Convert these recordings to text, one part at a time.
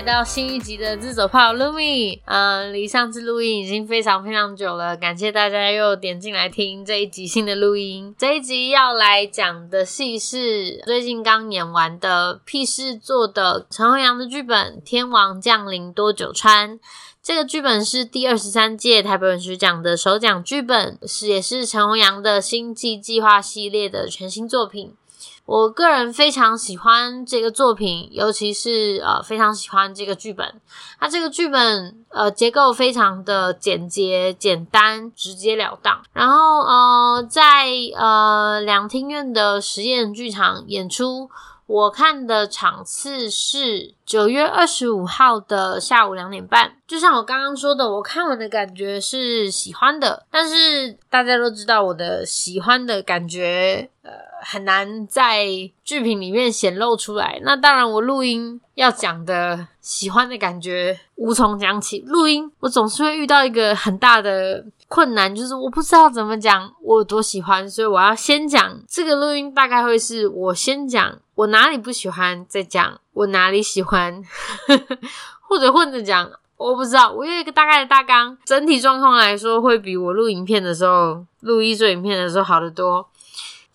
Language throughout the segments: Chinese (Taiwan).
來到新一集的自走炮 Lumi，嗯、呃，離上次錄音已經非常非常久了，感謝大家又點進來聽這一集新的錄音。這一集要來講的戲是最近剛演完的僻室做的陳弘洋的劇本《天王降臨多久川》。這個劇本是第二十三屆台北文學獎的首獎劇本，是也是陳弘洋的星際計劃系列的全新作品。我個人非常喜歡這個作品，尤其是呃，非常喜歡這個劇本。它這個劇本呃結構非常的簡潔、簡單、直截了當。然後呃，在呃兩廳院的實驗劇場演出，我看的場次是九月二十五號的下午兩點半。就像我剛剛說的，我看完的感覺是喜歡的。但是大家都知道我的喜歡的感覺呃。很難在劇評裡面顯露出來。那當然，我錄音要講的喜歡的感覺無從講起。錄音我總是會遇到一個很大的困難，就是我不知道怎麼講我有多喜歡，所以我要先講這個錄音大概會是我先講我哪裡不喜歡，再講我哪裡喜歡，呵呵。或者混着講，我不知道。我有一個大概的大綱，整體狀況來說會比我錄影片的時候錄音做影片的時候好得多。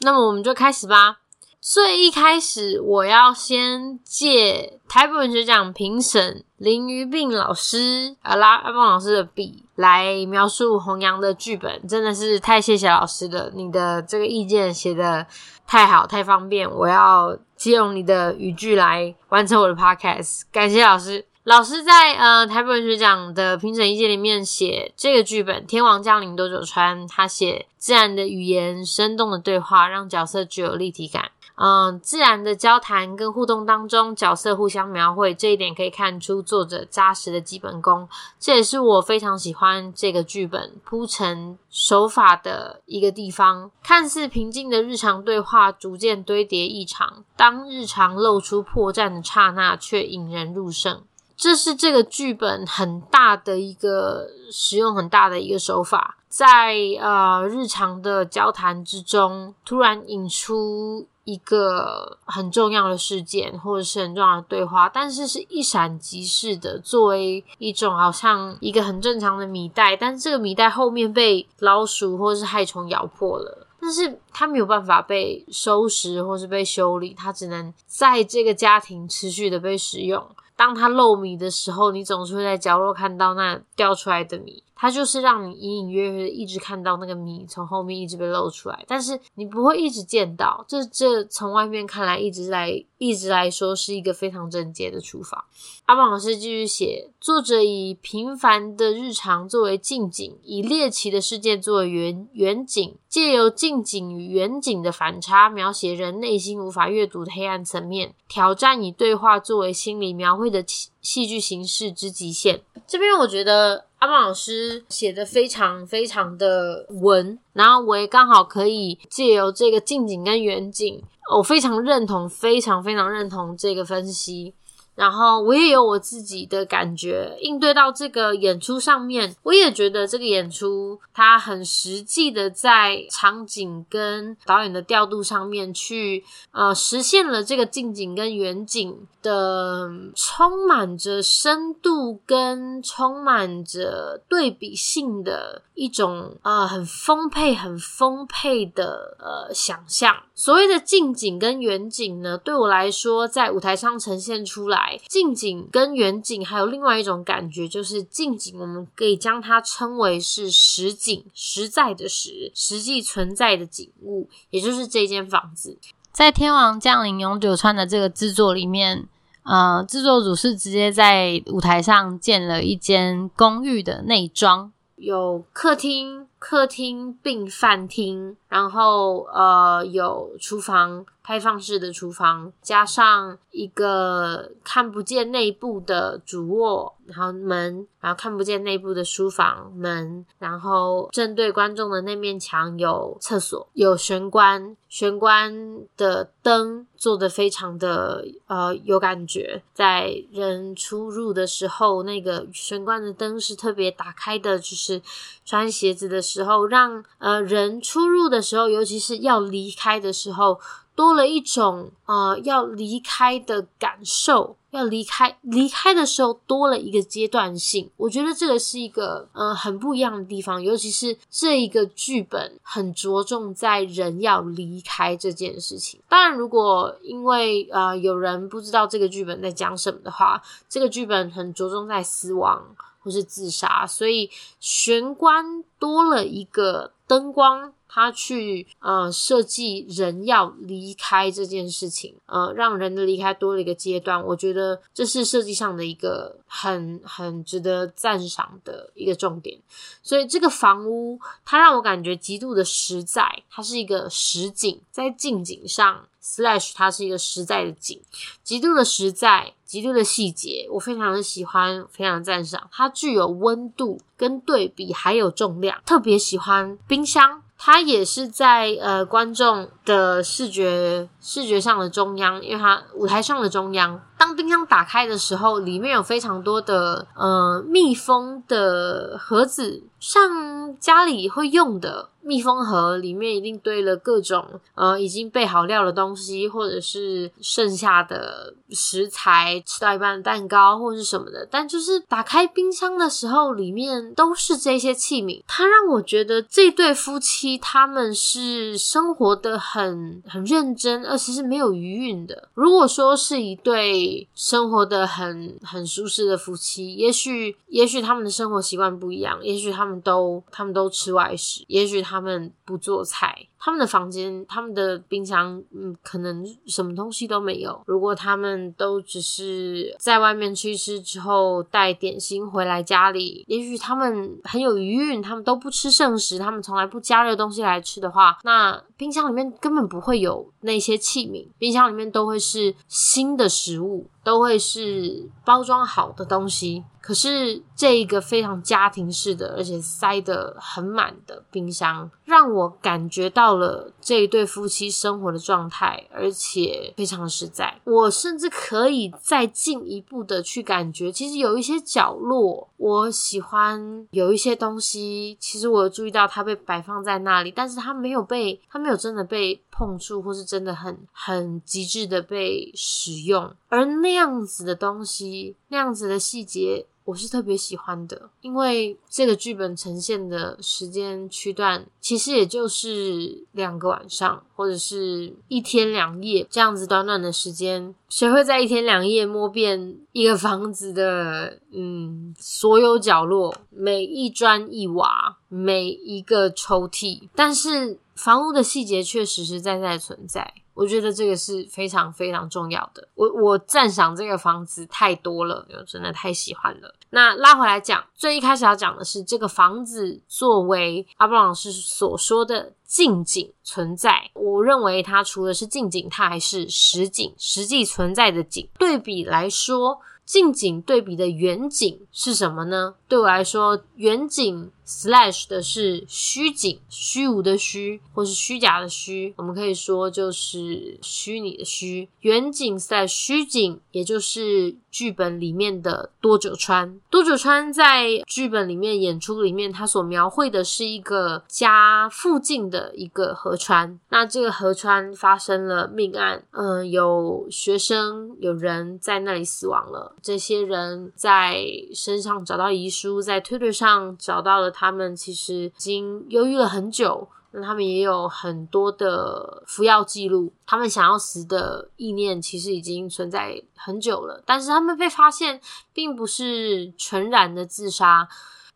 那麼我們就開始吧。最一開始，我要先借台北文學獎評審林於竝老師阿拉阿夢老師的筆來描述弘洋的劇本，真的是太謝謝老師了。你的這個意見寫得太好，太方便，我要借用你的語句來完成我的 podcast，感謝老師。老師在呃台北文學獎的評審意見裡面寫，這個劇本《天王降臨》多久川，他寫，自然的語言，生動的對話，讓角色具有立體感。嗯、呃，自然的交談跟互動當中，角色互相描繪，這一點可以看出作者紮實的基本功。這也是我非常喜歡這個劇本鋪陳手法的一個地方。看似平靜的日常對話，逐漸堆疊異常，當日常露出破綻的剎那，卻引人入勝。這是這個劇本很大的一個使用，很大的一個手法，在呃日常的交談之中，突然引出一個很重要的事件或者是很重要的對話，但是是一閃即逝的，作為一種好像一個很正常的米袋，但是這個米袋後面被老鼠或者是害蟲咬破了，但是它沒有辦法被收拾或是被修理，它只能在這個家庭持續的被使用。當它漏米的時候，你總是會在角落看到那掉出來的米。它就是讓你隱隱約約的一直看到那個謎從後面一直被露出來，但是你不會一直見到。這這從外面看來，一直來一直來說是一個非常整潔的廚房。阿邦老師繼續寫，作者以平凡的日常作為近景，以獵奇的世界作為遠遠景，借由近景與遠景的反差，描寫人內心無法閱讀的黑暗層面，挑戰以對話作為心理描繪的戲劇形式之極限。這邊我覺得。阿曼老師寫的非常非常的文，然後我也剛好可以借由這個近景跟遠景，我非常認同，非常非常認同這個分析。然後我也有我自己的感覺，應對到這個演出上面，我也覺得這個演出它很實際的在場景跟導演的調度上面去，呃，實現了這個近景跟遠景的充滿着深度跟充滿着對比性的一種啊、呃，很豐沛、很豐沛的呃想象。所謂的近景跟遠景呢，對我來說，在舞台上呈現出來。近景跟遠景，還有另外一種感覺，就是近景，我們可以將它稱為是實景，實在的實，實際存在的景物，也就是這間房子。在《天王降臨多久川》的這個制作裡面，呃，製作組是直接在舞台上建了一間公寓的內裝，有客廳。客廳併飯廳，然後呃有廚房，開放式的廚房，加上一個看不見內部的主臥，然後門，然後看不見內部的書房門，然後正對觀眾的那面牆有廁所，有玄關，玄關的燈做得非常的呃有感覺，在人出入的時候，那個玄關的燈是特別打開的，就是穿鞋子的時候。時候讓呃人出入的時候，尤其是要離開的時候，多了一種呃要離開的感受。要離開離開的時候，多了一個階段性。我覺得這個是一個呃很不一樣的地方，尤其是這一個劇本很着重在人要離開這件事情。當然，如果因為呃有人不知道這個劇本在講什麼的話，這個劇本很着重在死亡。或是自殺，所以玄關多了一個燈光，它去呃設計人要離開這件事情，呃，讓人的離開多了一個階段。我覺得這是設計上的一個很很值得讚賞的一個重點。所以這個房屋，它讓我感覺極度的實在，它是一個實景，在近景上。Slash，它是一個實在的景，極度的實在，極度的細節，我非常的喜歡，非常的讚賞。它具有溫度跟對比，還有重量，特別喜歡冰箱。它也是在呃觀眾的視覺視覺上的中央，因為它舞台上的中央。當冰箱打開的時候，裡面有非常多的呃密封的盒子，像家裡會用的。密封盒裡面一定堆了各種呃已經備好料的東西，或者是剩下的食材，吃到一半的蛋糕或是什麼的。但就是打開冰箱的時候，裡面都是這些器皿，它讓我覺得這對夫妻他們是生活得很很認真，而且是沒有餘韻的。如果說是一對生活得很很舒適的夫妻，也許也許他們的生活習慣不一樣，也許他們都他們都吃外食，也許他。他們不做菜。他們的房間，他們的冰箱，嗯，可能什麼東西都沒有。如果他們都只是在外面去吃之後帶點心回來家裡，也許他們很有餘韻，他們都不吃剩食，他們從來不加熱東西來吃的話，那冰箱裡面根本不會有那些器皿，冰箱裡面都會是新的食物，都會是包裝好的東西。可是這一個非常家庭式的，而且塞得很滿的冰箱，讓我感覺到。到了這一對夫妻生活的狀態，而且非常實在。我甚至可以再進一步的去感覺，其實有一些角落，我喜歡有一些東西。其實我注意到它被擺放在那裡，但是它沒有被，它沒有真的被碰觸，或是真的很，很極致的被使用。而那樣子的東西，那樣子的細節。我是特別喜歡的，因為這個劇本呈現的時間區段，其實也就是兩個晚上或者是一天兩夜這樣子短短的時間，誰會在一天兩夜摸遍一個房子的嗯所有角落、每一磚一瓦、每一個抽屜？但是房屋的細節卻實實在在存在。我覺得這個是非常非常重要的。我我讚賞這個房子太多了，真的太喜歡了。那拉回來講，最一開始要講的是這個房子作為阿布朗斯所說的近景存在。我認為它除了是近景，它還是實景，實際存在的景。對比來說。近景對比的遠景是什麼呢？對我來說，遠景 slash 的是虛景，虛無的虛，或是虛假的虛。我們可以說就是虛擬的虛。遠景在虛景，也就是劇本裡面的多久川。多久川在劇本裡面演出裡面，它所描繪的是一個家附近的一個河川。那這個河川發生了命案，嗯、呃，有學生有人在那裡死亡了。這些人在身上找到遺書，在 Twitter 上找到了他們，其實已經憂鬱了很久。那他們也有很多的服藥記錄，他們想要死的意念其實已經存在很久了。但是他們被發現，並不是全然的自殺。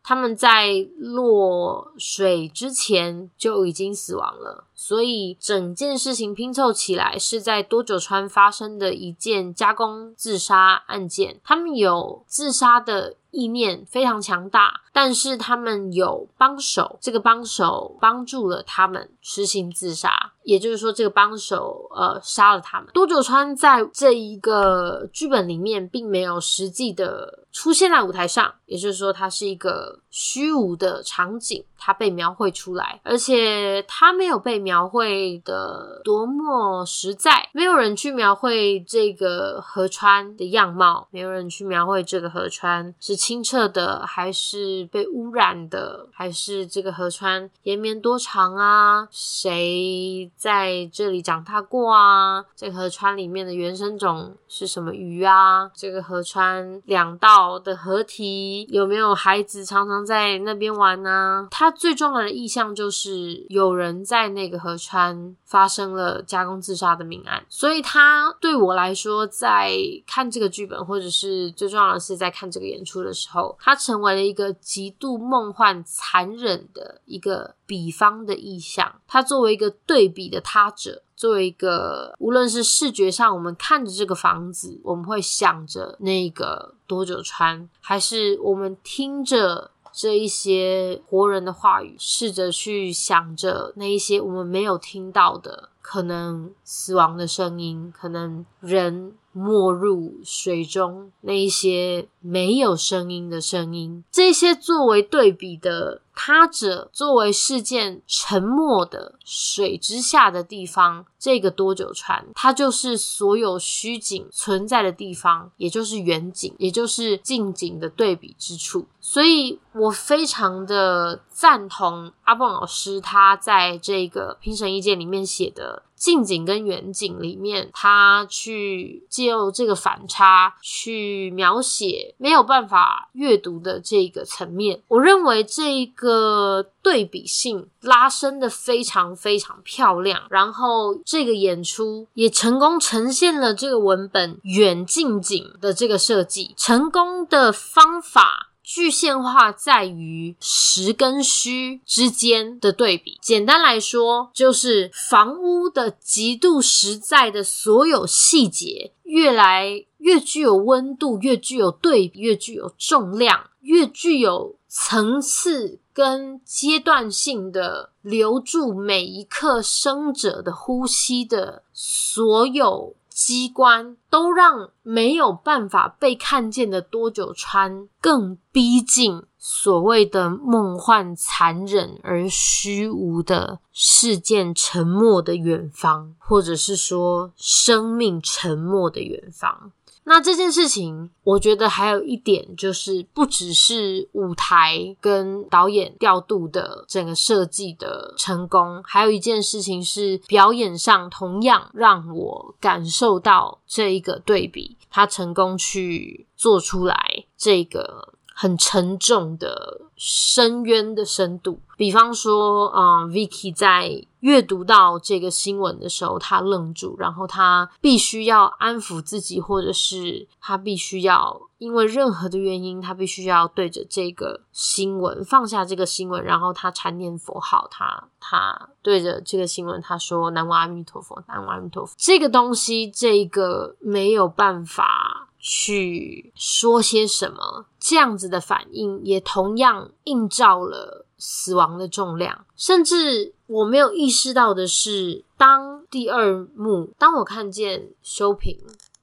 他們在落水之前就已經死亡了，所以整件事情拼湊起來是在多久川發生的一件加工自殺案件。他們有自殺的意念非常強大，但是他們有幫手，這個幫手幫助了他們實行自殺，也就是說，這個幫手，呃，殺了他們。多久川在這一個劇本裡面並沒有實際的。出現在舞台上，也就是說，它是一個虛無的場景，它被描繪出來，而且它沒有被描繪的多麼實在。沒有人去描繪這個河川的樣貌，沒有人去描繪這個河川是清澈的還是被污染的，還是這個河川延綿多長啊？誰在這裡長大過啊？這個河川裡面的原生種是什麼魚啊？這個河川兩道。好的河堤有沒有孩子常常在那邊玩呢、啊？他最重要的意象就是有人在那個河川發生了加工自殺的命案，所以他對我來說，在看這個劇本或者是最重要的是在看這個演出的時候，他成為了一個極度夢幻、殘忍的一個比方的意象，他作為一個對比的他者。作為一個，無論是視覺上我們看着這個房子，我們會想着那個多久川，還是我們聽着這一些活人的話語，試着去想着那一些我們沒有聽到的，可能死亡的聲音，可能人。沒入水中，那一些沒有聲音的聲音，這些作為對比的他者，作為事件沉沒的水之下的地方，這個多久川，它就是所有虛景存在的地方，也就是遠景，也就是近景的對比之處。所以我非常的贊同阿笨老師他在這個評審意見裡面寫的。近景跟遠景裡面，他去借由這個反差去描寫，沒有辦法閱讀的這個層面，我認為這個對比性拉伸得非常非常漂亮，然後這個演出也成功呈現了這個文本遠近景的這個設計，成功的方法，具現化在於實跟虛之間的對比。簡單來說，就是房屋的極度實在的所有細節，越來越具有溫度，越具有對比，越具有重量，越具有層次跟階段性的，留住每一刻生者的呼吸的所有。機關都讓沒有辦法被看見的多久川更逼近所謂的夢幻、殘忍而虛無的事件、沉默的遠方，或者是說生命沉默的遠方。那這件事情，我覺得還有一點就是，不只是舞台跟導演調度的整個設計的成功，還有一件事情是表演上同樣讓我感受到這一個對比，他成功去做出來這個很沉重的深淵的深度。比方說，嗯，Vicky 在閱讀到這個新聞的時候，他愣住，然後他必須要安撫自己，或者是他必須要因為任何的原因，他必須要對着這個新聞放下這個新聞，然後他禪念佛號，他他對着這個新聞，他說南無阿彌陀佛，南無阿彌陀佛。這個東西，這個沒有辦法去說些什麼，這樣子的反應也同樣映照了。死亡的重量，甚至我沒有意識到的是，當第二幕，當我看見修平，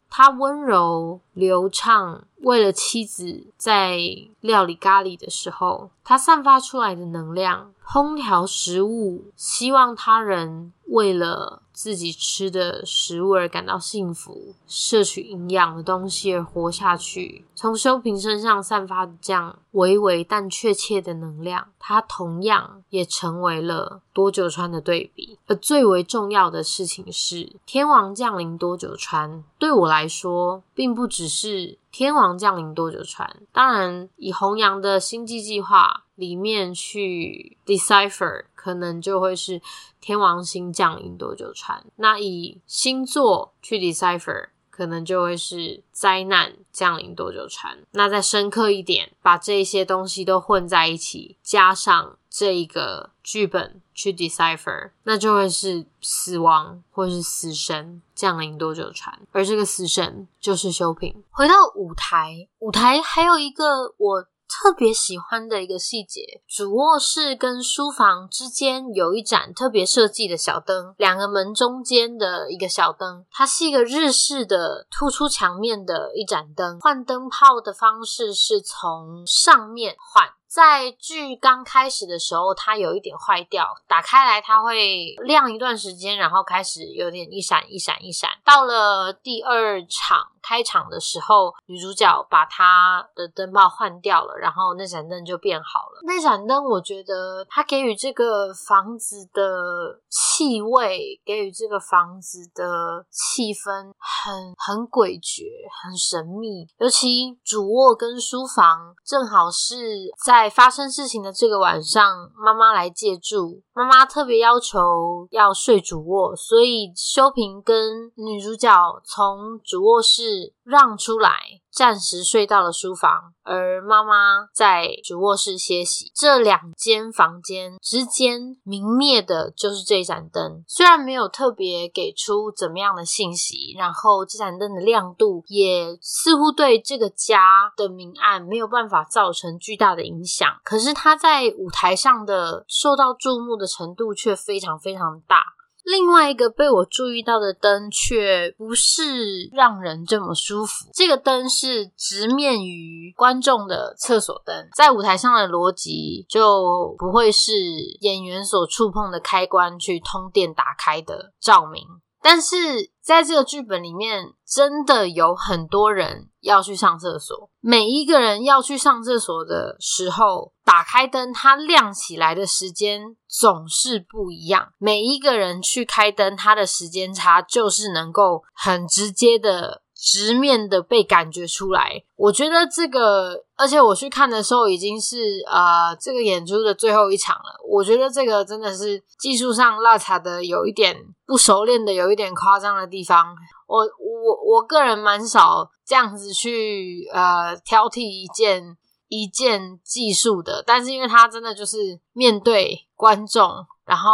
他溫柔流暢，為了妻子在料理咖喱的時候，他散發出來的能量，烹調食物，希望他人。為了自己吃的食物而感到幸福，攝取營養的東西而活下去。從修平身上散發的這樣微微但確切的能量，它同樣也成為了多久川的對比。而最為重要的事情是，天王降臨多久川對我來說，並不只是天王降臨多久川。當然，以弘洋的星際計劃裡面去 decipher。可能就會是天王星降臨多久川，那以星座去 decipher 可能就會是災難降臨多久川，那再深刻一點，把這一些東西都混在一起，加上這一個劇本去 decipher，那就會是死亡或是死神降臨多久川，而這個死神就是修平。回到舞台，舞台還有一個我。特別喜歡的一個細節，主臥室跟書房之間有一盞特別設計的小燈，兩個門中間的一個小燈，它是一個日式的突出牆面的一盞燈，換燈泡的方式是從上面換。在劇剛開始的時候，它有一點壞掉，打開來它會亮一段時間，然後開始有點一閃一閃一閃。到了第二場。開場的時候，女主角把她的燈泡換掉了，然後那盞燈就變好了。那盞燈，我覺得它給予這個房子的氣味，給予這個房子的氣氛很，很很詭譎，很神秘。尤其主臥跟書房，正好是在發生事情的這個晚上，媽媽來借住，媽媽特別要求要睡主臥，所以修平跟女主角從主臥室。讓出來，暫時睡到了書房，而媽媽在主臥室歇息。這兩間房間之間明滅的就是這一盞燈，雖然沒有特別給出怎麼樣的信息，然後這盞燈的亮度也似乎對這個家的明暗沒有辦法造成巨大的影響，可是它在舞台上的受到注目的程度卻非常非常大。另外一個被我注意到的燈，卻不是讓人這麼舒服。這個燈是直面於觀眾的廁所燈，在舞台上的邏輯就不會是演員所觸碰的開關去通電打開的照明。但是在這個劇本裡面，真的有很多人。要去上廁所，每一個人要去上廁所的時候，打開燈，它亮起來的時間總是不一樣。每一個人去開燈，它的時間差就是能夠很直接的。直面的被感覺出來，我覺得這個，而且我去看的時候已經是啊、呃，這個演出的最後一場了。我覺得這個真的是技術上落差的有一點不熟練的有一點誇張的地方。我我我個人蠻少這樣子去呃挑剔一件一件技術的，但是因為他真的就是面對觀眾，然後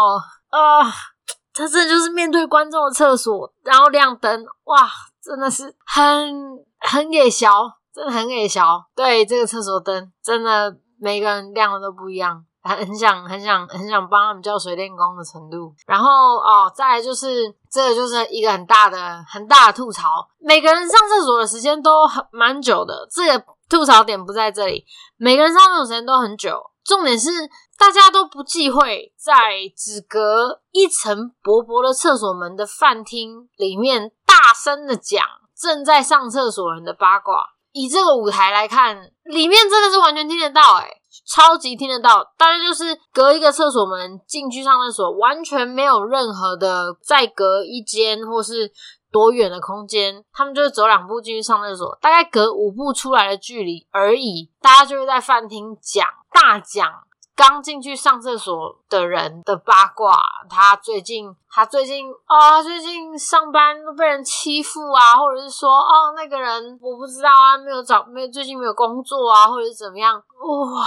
啊，他、呃、真的就是面對觀眾的廁所，然後亮燈，哇！真的是很很給笑，真的很給笑。對，這個廁所燈，真的每個人亮的都不一樣，很想很想很想很想幫他們叫水電工的程度。然後哦，再來就是，這個就是一個很大的很大的吐槽。每個人上廁所的時間都很蠻久的，這個吐槽點不在這裡。每個人上廁所時間都很久，重點是大家都不忌諱在只隔一層薄薄的廁所門的飯廳裡面。大聲的講正在上廁所的人的八卦，以這個舞台來看，裡面真的是完全聽得到，欸，誒超級聽得到。大家就是隔一個廁所門進去上廁所，完全沒有任何的再隔一間或是多遠的空間，他們就是走兩步進去上廁所，大概隔五步出來的距離而已。大家就是在飯廳講大講。剛進去上廁所的人的八卦，他最近，他最近啊，哦、最近上班都被人欺負啊，或者是說哦，那個人我不知道啊，沒有找，沒有，最近沒有工作啊，或者是怎麼樣？哦、哇，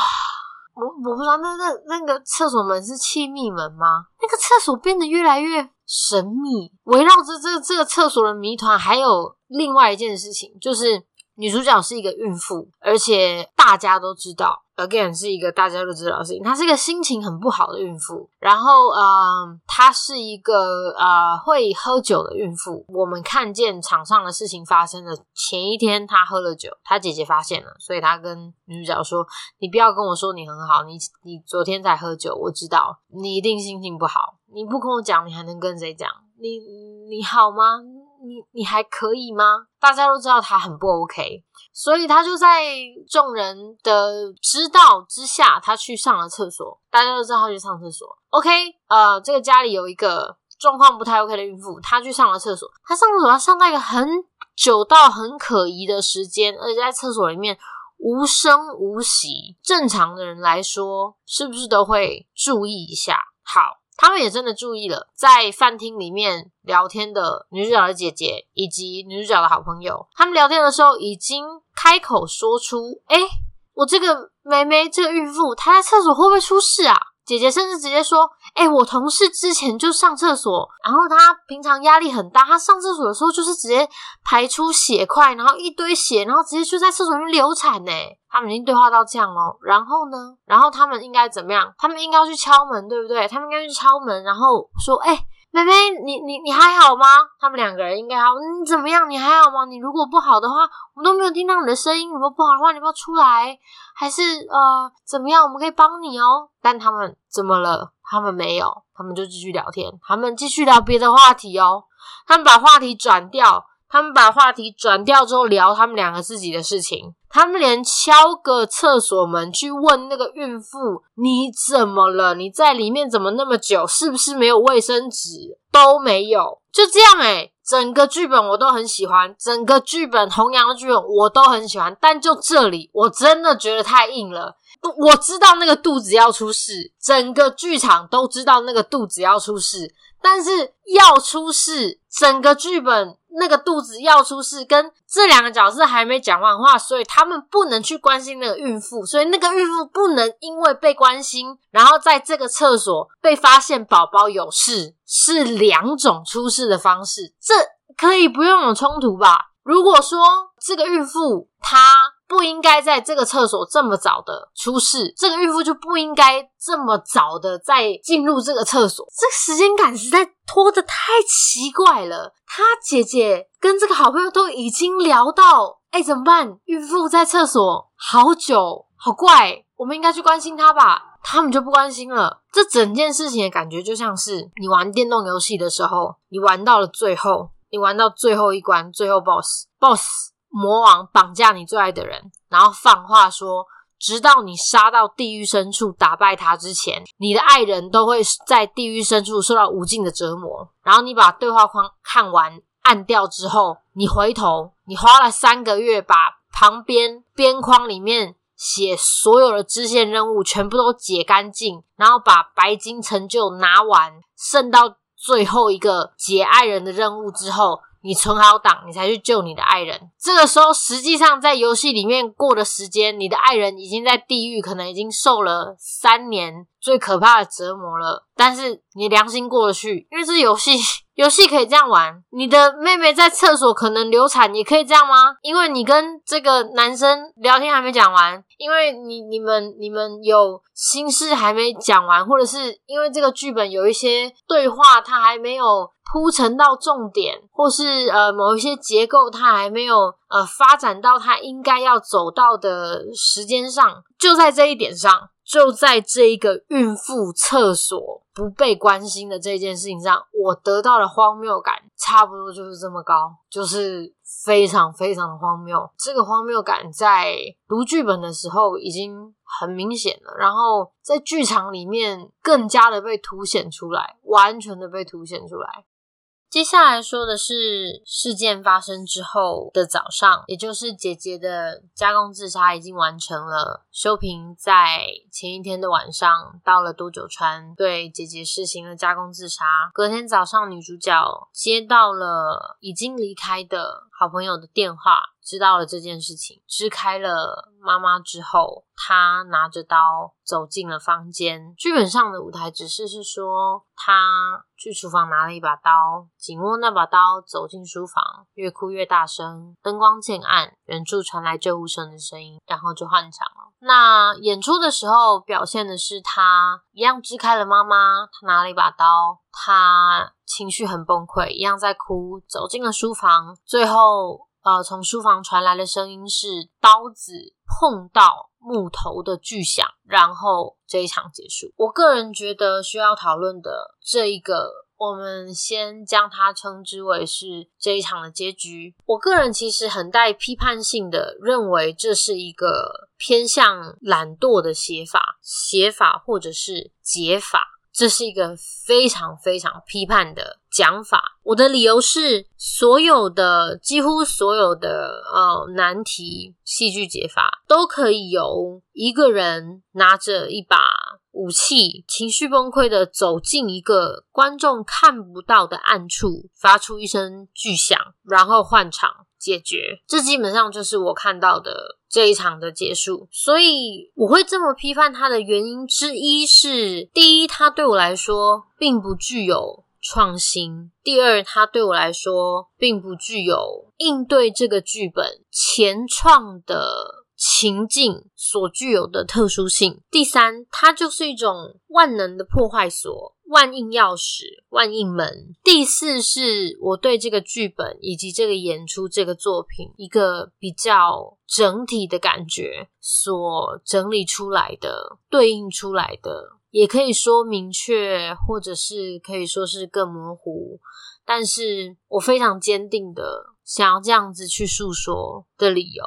我我不知道，那那那個廁所門是氣密門嗎？那個廁所變得越來越神秘，圍繞着這個、這個廁所的謎團，還有另外一件事情就是。女主角是一個孕婦，而且大家都知道，again 是一個大家都知道的事情。她是一個心情很不好的孕婦，然後呃，她是一個呃會喝酒的孕婦。我們看見場上的事情發生的前一天，她喝了酒，她姐姐發現了，所以她跟女主角說：“你不要跟我說你很好，你你昨天才喝酒，我知道你一定心情不好。你不跟我講，你還能跟誰講？你你好嗎？”你你還可以嗎？大家都知道他很不 OK，所以他就在眾人的知道之下，他去上了廁所。大家都知道他去上廁所。OK，呃，這個家裡有一個狀況不太 OK 的孕婦，她去上了廁所。她上廁所，她上那個很久到很可疑的時間，而且在廁所裡面無聲無息。正常的人來說，是不是都會注意一下？好。他們也真的注意了，在飯廳裡面聊天的女主角的姐姐以及女主角的好朋友，他們聊天的時候已經開口說出：“欸，我這個妹妹，這個孕婦，她在廁所會不會出事啊？”姐姐甚至直接說。欸，我同事之前就上廁所，然後他平常壓力很大，他上廁所的時候就是直接排出血塊，然後一堆血，然後直接就在廁所裡流產呢。他們已經對話到這樣了，然後呢，然後他們應該怎麼樣？他們應該要去敲門，對不對？他們應該去敲門，然後說：“欸，妹妹，你你你還好嗎？”他們兩個人應該要，你怎麼樣？你還好嗎？你如果不好的話，我們都沒有聽到你的聲音。如果不好的話，你不要出來，還是呃怎麼樣？我們可以幫你哦。但他們怎麼了？他們沒有，他們就繼續聊天，他們繼續聊別的話題哦、喔。他們把話題轉掉，他們把話題轉掉之後聊他們兩個自己的事情。他們連敲個廁所門去問那個孕婦：“你怎麼了？你在裡面怎麼那麼久？是不是沒有衛生紙？都沒有。”就這樣誒、欸，整個劇本我都很喜歡，整個劇本弘洋的劇本我都很喜歡，但就這裡我真的覺得太硬了。我知道那個肚子要出事，整個劇場都知道那個肚子要出事，但是要出事，整個劇本那個肚子要出事，跟這兩個角色還沒講完話，所以他們不能去關心那個孕婦，所以那個孕婦不能因為被關心，然後在這個廁所被發現寶寶有事，是兩種出事的方式。這可以不用有衝突吧？如果說這個孕婦她。不應該在這個廁所這麼早的出事，這個孕婦就不應該這麼早的再進入這個廁所，這個時間感實在拖得太奇怪了。她姐姐跟這個好朋友都已經聊到，哎、欸，怎麼辦？孕婦在廁所好久，好怪，我們應該去關心她吧？他們就不關心了。這整件事情的感覺就像是你玩電動遊戲的時候，你玩到了最後，你玩到最後一關，最後 boss，boss。魔王綁架你最愛的人，然後放話說，直到你殺到地獄深處打敗他之前，你的愛人都會在地獄深處受到無盡的折磨。然後你把對話框看完，按掉之後，你回頭，你花了三個月把旁邊邊框裡面寫所有的支線任務全部都解乾淨，然後把白金成就拿完，剩到最後一個解愛人的任務之後。你存好檔，你才去救你的愛人。這個時候，實際上在遊戲裡面過的時間，你的愛人已經在地獄，可能已經受了三年最可怕的折磨了。但是你良心過得去，因為這遊戲。遊戲可以這樣玩，你的妹妹在廁所可能流產，也可以這樣嗎？因為你跟這個男生聊天還沒講完，因為你、你們、你們有心事還沒講完，或者是因為這個劇本有一些對話，它還沒有鋪陳到重點，或是呃某一些結構它還沒有呃發展到它應該要走到的時間上，就在這一點上。就在這一個孕婦廁所不被關心的這件事情上，我得到的荒謬感差不多就是這麼高，就是非常非常的荒謬。這個荒謬感在讀劇本的時候已經很明顯了，然後在劇場裡面更加的被凸顯出來，完全的被凸顯出來。接下來說的是事件發生之後的早上，也就是姐姐的加工自殺已經完成了。修平在前一天的晚上到了多久川，對姐姐施行了加工自殺。隔天早上，女主角接到了已經離開的好朋友的電話。知道了這件事情，支開了媽媽之後，她拿着刀走進了房間。劇本上的舞台指示是說，她去廚房拿了一把刀，緊握那把刀走進書房，越哭越大聲，燈光漸暗，遠處傳來救護車的聲音，然後就換場了。那演出的時候，表現的是她一樣支開了媽媽，她拿了一把刀，她情緒很崩潰，一樣在哭，走進了書房，最後。呃，從書房傳來的聲音是刀子碰到木頭的巨響，然後這一場結束。我個人覺得需要討論的這一個，我們先將它稱之為是這一場的結局。我個人其實很帶批判性的認為，這是一個偏向懶惰的寫法，寫法或者是解法。這是一個非常非常批判的講法。我的理由是，所有的幾乎所有的呃難題戲劇解法，都可以由一個人拿着一把武器，情緒崩潰地走進一個觀眾看不到的暗處，發出一聲巨響，然後換場。解決，這基本上就是我看到的這一場的結束。所以我會這麼批判它的原因之一是：第一，它對我來說並不具有創新；第二，它對我來說並不具有應對這個劇本前創的情境所具有的特殊性；第三，它就是一種萬能的破壞所。萬應鑰匙，萬應門。第四是我對這個劇本以及這個演出這個作品一個比較整體的感覺所整理出來的對應出來的，也可以說明確，或者是可以說是更模糊。但是我非常堅定的想要這樣子去訴說的理由，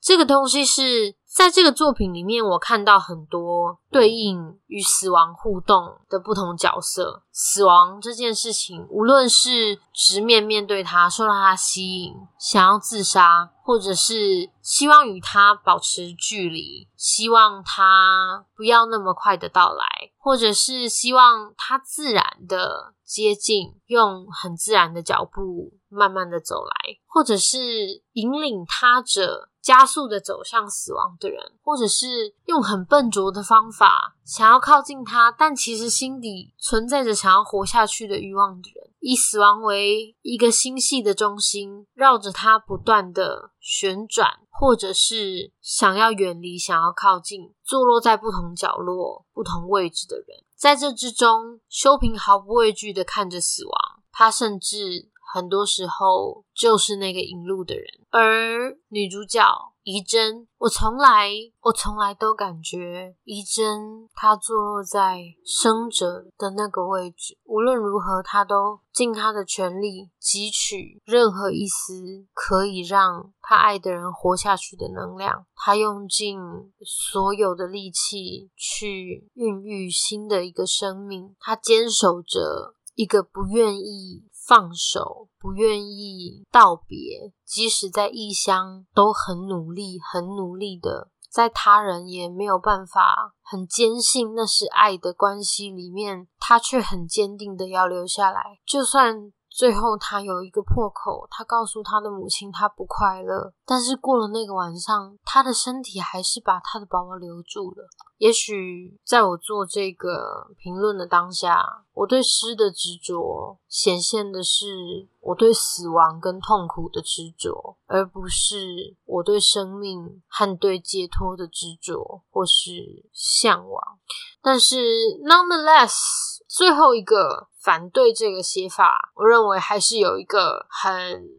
這個東西是。在這個作品裡面，我看到很多對應與死亡互動的不同角色。死亡這件事情，無論是直面面對他，受到他吸引，想要自殺，或者是希望與他保持距離，希望他不要那麼快的到來，或者是希望他自然地接近，用很自然的腳步。慢慢的走來，或者是引領他者加速的走向死亡的人，或者是用很笨拙的方法想要靠近他，但其實心底存在着想要活下去的欲望的人，以死亡為一個星系的中心，繞着他不斷的旋轉，或者是想要遠離、想要靠近，坐落在不同角落、不同位置的人，在這之中，修平毫不畏懼的看着死亡，他甚至。很多時候就是那個引路的人，而女主角怡珍，我從來我從來都感覺怡珍她坐落在生者的那個位置，無論如何，她都盡她的全力汲取任何一絲可以讓她愛的人活下去的能量。她用盡所有的力氣去孕育新的一個生命，她堅守着一個不願意。放手，不願意道別，即使在異鄉都很努力，很努力的，在他人也沒有辦法，很堅信那是愛的關係裡面，他卻很堅定的要留下來，就算。最後，他有一個破口，他告訴他的母親，他不快樂。但是過了那個晚上，他的身體還是把他的寶寶留住了。也許在我做這個評論的當下，我對詩的執着，顯現的是我對死亡跟痛苦的執着，而不是我對生命和對解脫的執着或是向往。但是，nonetheless。最後一個反對這個寫法，我認為還是有一個很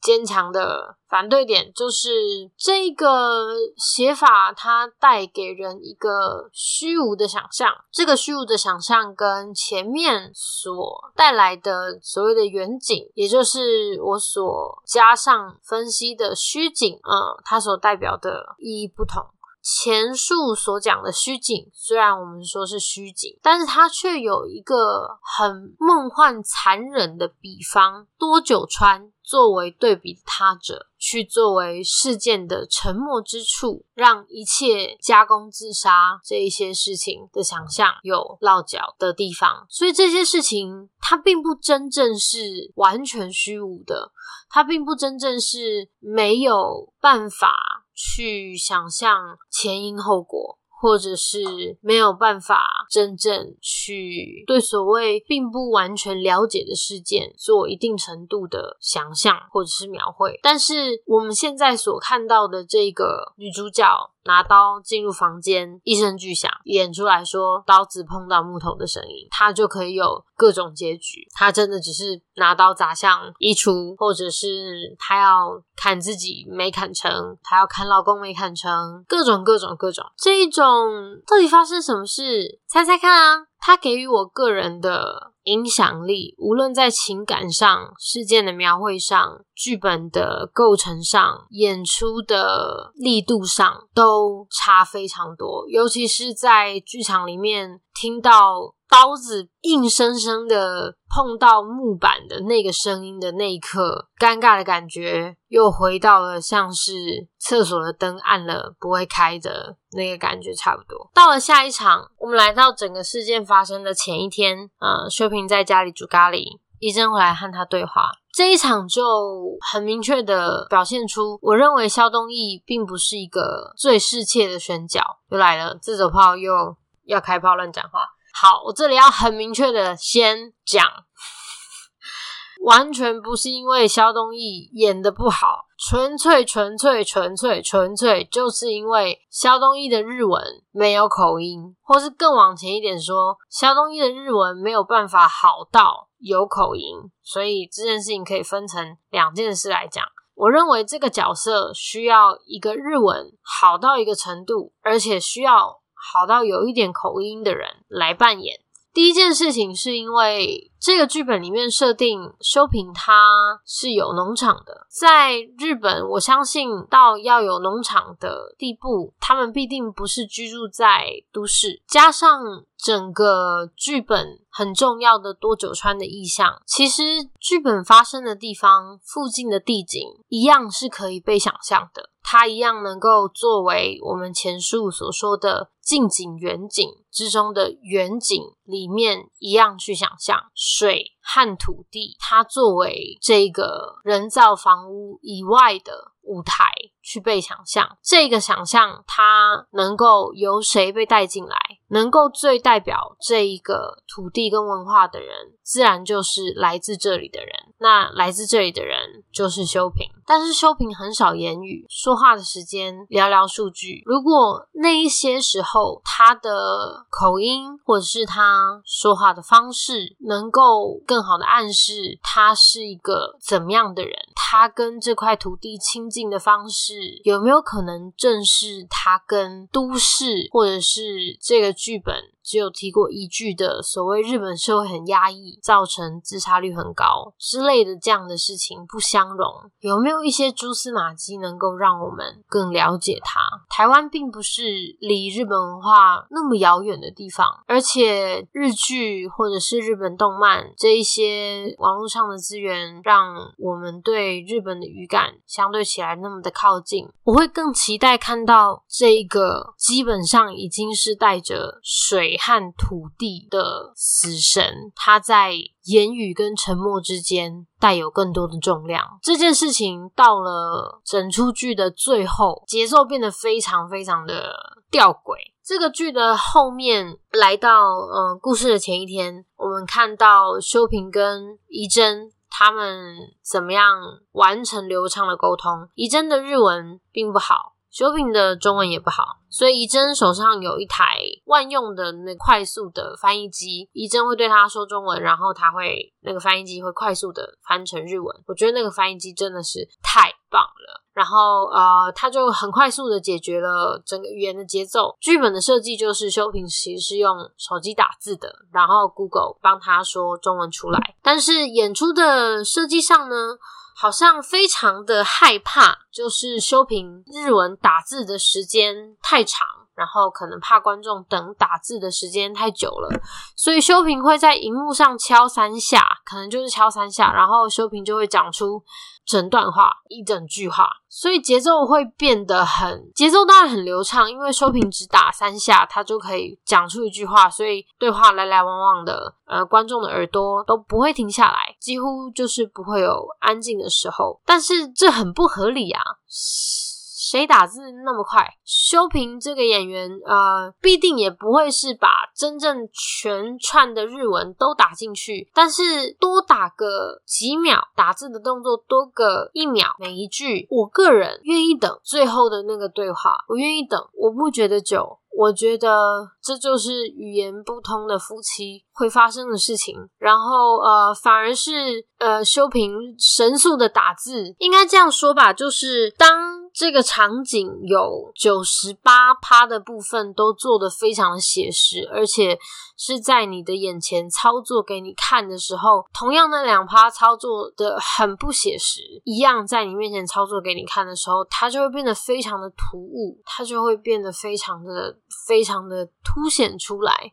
堅強的反對點，就是這個寫法它帶給人一個虛無的想象，這個虛無的想象跟前面所帶來的所謂的遠景，也就是我所加上分析的虛景啊、呃，它所代表的意義不同。前述所講的虛景，雖然我們說是虛景，但是它卻有一個很夢幻、殘忍的比方——多久川作為對比他者，去作為事件的沉默之處，讓一切加工自殺這一些事情的想象有落腳的地方。所以這些事情，它並不真正是完全虛無的，它並不真正是沒有辦法。去想象前因後果，或者是沒有辦法真正去對所謂並不完全了解的事件做一定程度的想象或者是描繪。但是我們現在所看到的這個女主角拿刀進入房間，一聲巨響，演出來說，刀子碰到木頭的聲音，她就可以有各種結局。她真的只是拿刀砸向衣櫥，或者是她要。砍自己沒砍成，還要砍老公沒砍成，各種各種各種，這一種到底發生什麼事？猜猜看啊！它給予我個人的影響力，無論在情感上、事件的描繪上、劇本的構成上、演出的力度上，都差非常多。尤其是在劇場裡面聽到刀子硬生生的碰到木板的那個聲音的那一刻，尷尬的感覺又回到了，像是。廁所的燈暗了，不會開的，那個感覺差不多。到了下一場，我們來到整個事件發生的前一天，呃，秀萍在家裡煮咖喱，醫生回來和他對話。這一場就很明確的表現出，我認為蕭東意並不是一個最適切的選角。又來了，自走炮又要開炮亂講話。好，我這裡要很明確的先講。完全不是因為蕭東意演得不好，純粹純粹純粹純粹，就是因為蕭東意的日文沒有口音，或是更往前一點說，蕭東意的日文沒有辦法好到有口音，所以這件事情可以分成兩件事來講。我認為這個角色需要一個日文好到一個程度，而且需要好到有一點口音的人來扮演。第一件事情是因為這個劇本裡面設定修平他是有農場的，在日本，我相信到要有農場的地步，他們必定不是居住在都市。加上整個劇本很重要的多久川的意象，其實劇本發生的地方附近的地景一樣是可以被想象的，它一樣能夠作為我們前述所說的近景遠景。之中的遠景裡面一樣去想象水和土地，它作為這個人造房屋以外的舞台去被想象。這個想象它能夠由誰被帶進來？能夠最代表這一個土地跟文化的人，自然就是來自這裡的人。那來自這裡的人就是修平。但是修平很少言語，說話的時間寥寥數語。如果那一些時候他的口音或者是他說話的方式，能夠更好的暗示他是一個怎麼樣的人，他跟這塊土地親近的方式，有沒有可能正是他跟都市或者是這個劇本？只有提過一句的所謂日本社會很壓抑，造成自殺率很高之類的這樣的事情不相容，有沒有一些蛛絲馬跡能夠讓我們更了解他？台灣並不是離日本文化那麼遙遠的地方，而且日劇或者是日本動漫這一些網絡上的資源，讓我們對日本的語感相對起來那麼的靠近。我會更期待看到這一個，基本上已經是帶着水。看土地的死神，他在言語跟沉默之間帶有更多的重量。這件事情到了整出劇的最後，節奏變得非常非常的吊詭。這個劇的後面來到嗯、呃、故事的前一天，我們看到修平跟一珍他們怎麼樣完成流暢的溝通。一珍的日文並不好。修平的中文也不好，所以宜珍手上有一台萬用的那快速的翻譯機，宜珍會對他說中文，然後他會那個翻譯機會快速的翻成日文。我覺得那個翻譯機真的是太棒了，然後呃，他就很快速的解決了整個語言的節奏。劇本的設計就是修平其實是用手機打字的，然後 Google 幫他說中文出來，但是演出的設計上呢？好像非常的害怕，就是修平日文打字的時間太長。然後可能怕觀眾等打字的時間太久了，所以修平會在螢幕上敲三下，可能就是敲三下，然後修平就會講出整段話，一整句話，所以節奏會變得很，節奏當然很流暢，因為修平只打三下，他就可以講出一句話，所以對話來來往往的，呃，觀眾的耳朵都不會停下來，幾乎就是不會有安靜的時候。但是這很不合理啊！誰打字那麼快？修平這個演員，呃，必定也不會是把真正全串的日文都打進去，但是多打個幾秒，打字的動作多個一秒，每一句，我個人願意等最後的那個對話，我願意等，我不覺得久，我覺得這就是語言不通的夫妻。會發生的事情，然後呃，反而是呃，修平神速的打字，應該這樣說吧，就是當這個場景有九十八趴的部分都做得非常的寫實，而且是在你的眼前操作給你看的時候，同樣的兩趴操作得很不寫實，一樣在你面前操作給你看的時候，它就會變得非常的突兀，它就會變得非常的非常的凸顯出來。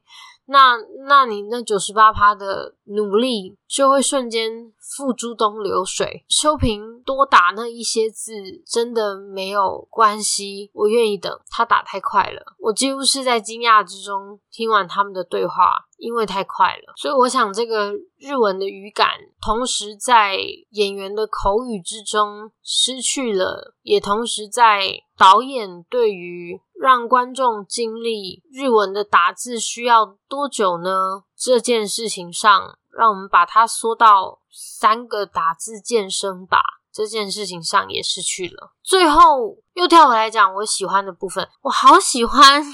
那，那你那九十八趴的努力就會瞬間付諸東流水。修平多打那一些字真的沒有關係，我願意等，他打太快了，我幾乎是在驚訝之中聽完他們的對話，因為太快了。所以我想，這個日文的語感，同時在演員的口語之中失去了，也同時在導演對於。讓觀眾經歷日文的打字需要多久呢？這件事情上，讓我們把它縮到三個打字健身吧。這件事情上也失去了。最後又跳回來講我喜歡的部分，我好喜歡，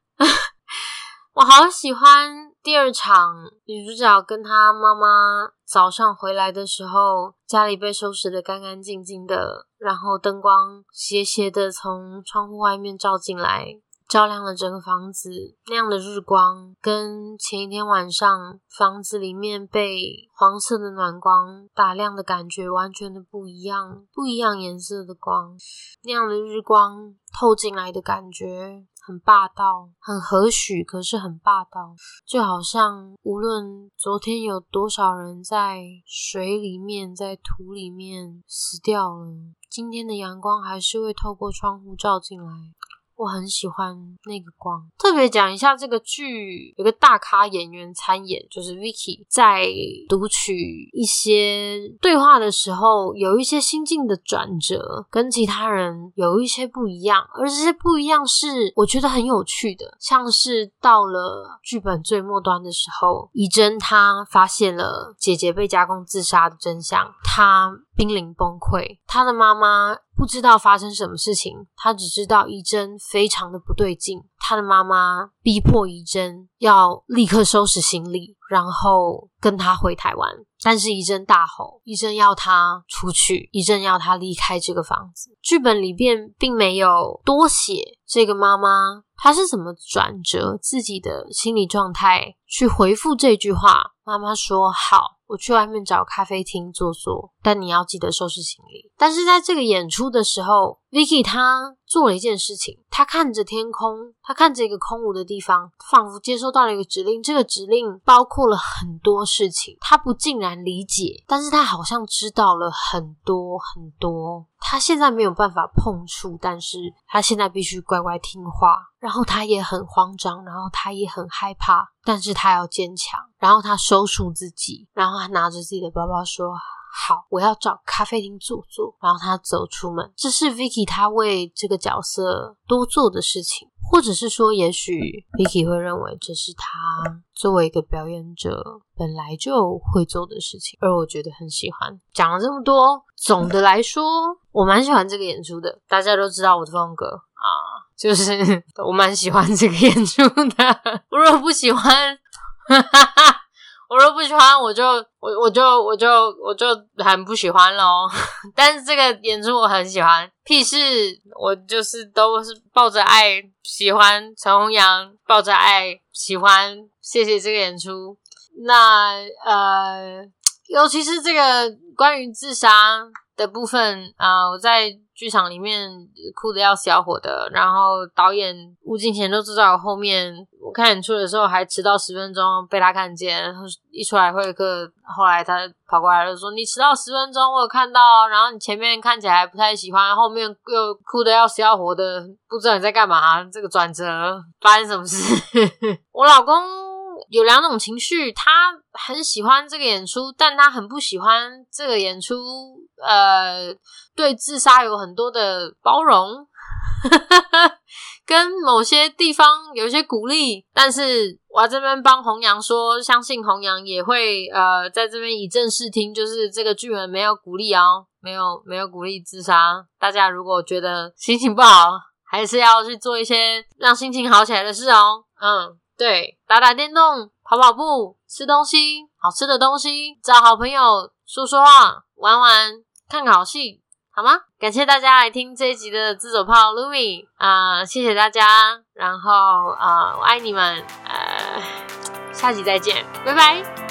我好喜歡第二場女主角跟她媽媽。早上回來的時候，家裡被收拾得干干淨淨的，然後燈光斜斜的從窗戶外面照進來，照亮了整個房子。那樣的日光，跟前一天晚上房子裡面被黃色的暖光打亮的感覺完全的不一樣，不一樣顏色的光，那樣的日光透進來的感覺。很霸道，很和煦，可是很霸道，就好像無論昨天有多少人在水裡面、在土裡面死掉了，今天的陽光還是會透過窗戶照進來。我很喜歡那個光，特別講一下這個劇，有個大咖演員參演，就是 Vicky，在讀取一些對話的時候，有一些心境的轉折，跟其他人有一些不一樣，而這些不一樣是我覺得很有趣的，像是到了劇本最末端的時候，以真他發現了姐姐被加工自殺的真相，他。瀕臨崩潰，他的媽媽不知道發生什麼事情，他只知道宜臻非常的不對勁。他的媽媽逼迫宜臻要立刻收拾行李，然後跟他回台灣。但是，宜臻大吼，宜臻要他出去，宜臻要他離開這個房子。劇本裡面並沒有多寫這個媽媽，他是怎麼轉折自己的心理狀態去回復這句話。媽媽說：“好。”我去外面找咖啡廳坐坐，但你要記得收拾行李。但是在這個演出的時候。Vicky，他做了一件事情。他看着天空，他看着一個空無的地方，仿佛接收到了一個指令。這個指令包括了很多事情，他不竟然理解，但是他好像知道了很多很多。他現在沒有辦法碰觸，但是他現在必須乖乖聽話。然後他也很慌張，然後他也很害怕，但是他要堅強。然後他收拾自己，然後他拿着自己的包包說。好，我要找咖啡廳坐坐。然後他走出門，這是 Vicky 他為這個角色多做的事情，或者是說，也許 Vicky 會認為這是他作為一個表演者本來就會做的事情。而我覺得很喜歡。講了這麼多，總的來說，我蠻喜歡這個演出的。大家都知道我的風格啊，就是我蠻喜歡這個演出的。如果我不喜歡，哈哈哈。我若不喜歡，我就我我就我就我就很不喜歡嘍。 但是這個演出我很喜歡，僻室我就是都是抱着愛喜歡陳弘洋，抱着愛喜歡，謝謝這個演出。那呃，尤其是這個關於自殺的部分啊、呃，我在。劇場裡面哭的要死要活的，然後導演吳敬賢都坐在我後面。我看演出的時候還遲到十分鐘，被他看見，一出來會客，後來他跑過來就說：“你遲到十分鐘，我有看到。然後你前面看起來不太喜歡，後面又哭的要死要活的，不知道你在幹嘛？這個轉折發生什麼事？” 我老公。有兩種情緒，他很喜歡這個演出，但他很不喜歡這個演出。呃，對自殺有很多的包容， 跟某些地方有一些鼓勵。但是，我在這邊幫弘洋說，相信弘洋也會呃，在這邊以正視聽，就是這個劇本沒有鼓勵哦，沒有沒有鼓勵自殺。大家如果覺得心情不好，還是要去做一些讓心情好起來的事哦。嗯。對，打打電動、跑跑步、吃東西、好吃的東西，找好朋友說說話、玩玩、看好戲，好嗎？感謝大家來聽這一集的自走炮 Lumi 啊、呃，謝謝大家，然後啊、呃，我愛你們，呃，下集再見，拜拜。